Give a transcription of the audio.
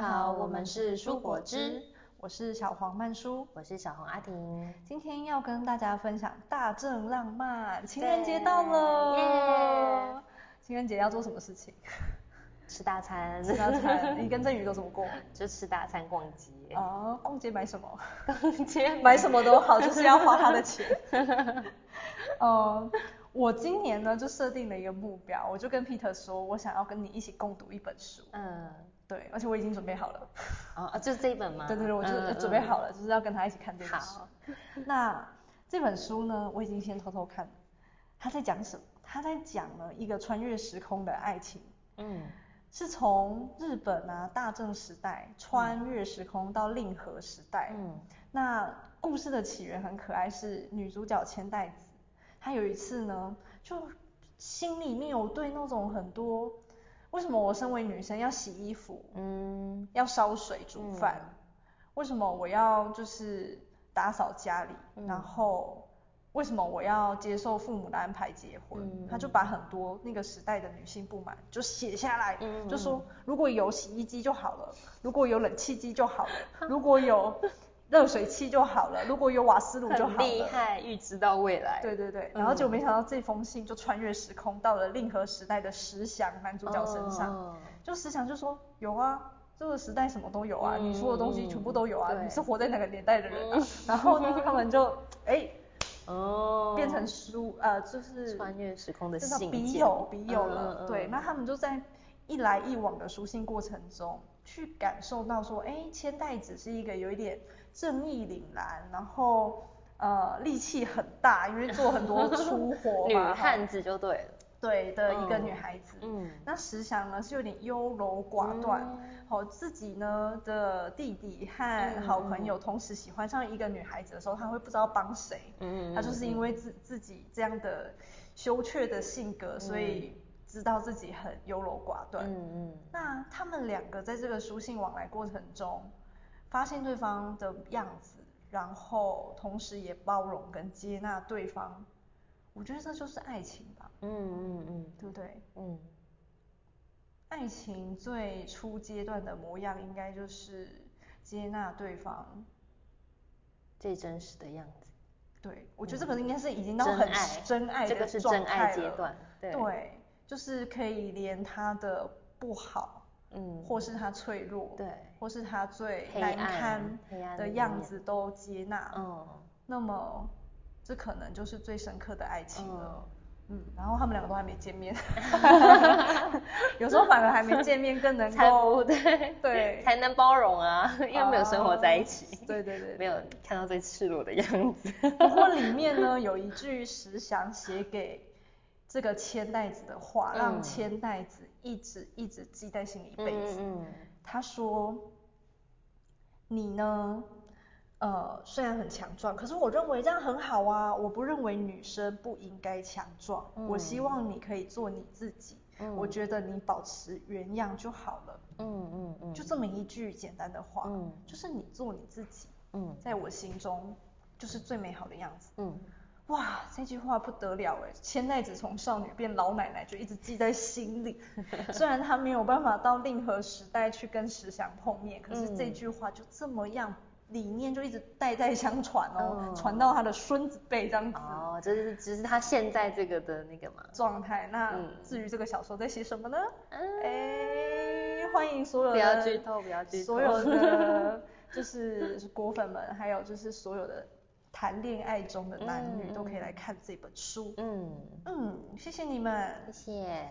好，我們是蔬果汁，我是小黃曼舒，我是小紅阿婷，今天要跟大家分享大正浪漫，情人節到了，耶。情人節要做什麼事情？吃大餐，吃大餐。 你跟鄭宇都怎麼過？就吃大餐、逛街。哦，uh, 逛街買什麼？逛街買什麼都好， 就是要花他的錢。哦、uh. 我今年呢，就設定了一個目標，我就跟 Peter 說，我想要跟你一起共讀一本書。嗯，對，而且我已經準備好了。啊、哦、就是這一本嗎？ 對對對，我就嗯嗯準備好了，就是要跟他一起看這本書。好 那這本書呢，我已經先偷偷看，他在講什麼？他在講呢一個穿越時空的愛情。嗯。是從日本啊大正時代穿越時空到令和時代。嗯。那故事的起源很可愛，是女主角千代子。他有一次呢，就心裡面有對那種很多，為什麼我身為女生要洗衣服，嗯，要燒水煮飯，嗯、為什麼我要就是打掃家裡，嗯、然後為什麼我要接受父母的安排結婚？嗯、他就把很多那個時代的女性不滿就寫下來，嗯、就說如果有洗衣機就好了，如果有冷氣機就好了， 如果有。熱水器就好了，如果有瓦斯爐就好了。很厲害，預知到未來。對對對，然後就沒想到這封信就穿越時空，到了令和時代的時翔男主角身上。就時翔就說：“有啊，這個時代什麼都有啊，你說的東西全部都有啊，你是活在哪個年代的人啊？”然後他們就哎，哦，變成書呃就是穿越時空的筆友筆友了。對，那他們就在。一來一往的書信過程中，去感受到說，哎，千代子是一個有一點正義凜然，然後呃力氣很大，因為做很多粗活嘛， 女漢子就對了，對的一個女孩子。嗯，那時翔呢是有點優柔寡斷，好、嗯哦、自己呢的弟弟和好朋友同時喜歡上一個女孩子的時候，他會不知道幫誰。嗯，嗯他就是因為自、嗯、自己這樣的羞怯的性格，所以。嗯知道自己很優柔寡斷，嗯嗯，嗯，那他們兩個在這個書信往來過程中，發現對方的樣子，然後同時也包容跟接納對方，我覺得這就是愛情吧，嗯嗯嗯，嗯嗯，對不對？嗯，愛情最初階段的模樣應該就是接納對方最真實的樣子，對，我覺得這個應該是已經到很真愛，的真，的、嗯、真愛，這個是真愛階段，對。就是可以連他的不好，嗯，或是他脆弱，對，或是他最難堪的樣子都接納，嗯，那麼這可能就是最深刻的愛情了，嗯，嗯，然後他們兩個都還沒見面， 有時候反而還沒見面更能夠，對對，才能包容啊，啊因為沒有生活在一起，對，對對對，沒有看到最赤裸的樣子。不 過、嗯、裡面呢有一句時翔寫給，這個千代子的話，讓千代子一直一直記在心裡一輩子。嗯嗯嗯、他說：“你呢？呃，雖然很強壯，可是我認為這樣很好啊。我不認為女生不應該強壯。嗯、我希望你可以做你自己。嗯、我覺得你保持原樣就好了。嗯嗯嗯，嗯嗯就這麼一句簡單的話，嗯、就是你做你自己。嗯，在我心中就是最美好的樣子。嗯。嗯”哇，這句話不得了哎！千代子從少女變老奶奶，就一直記在心裡。雖然她沒有辦法到令和時代去跟時翔碰面，可是這句話就這麼樣，理念就一直代代相傳哦，嗯、傳到她的孫子輩這樣子。哦，這、就是只、就是他現在這個的那個嘛狀態。那至於這個小說在寫什麼呢？哎、嗯，歡迎所有的不要劇透，不要劇透，所有的就是果粉們，還有就是所有的。談戀愛中的男女，嗯，都可以來看這本書。嗯嗯，謝謝你們，謝謝。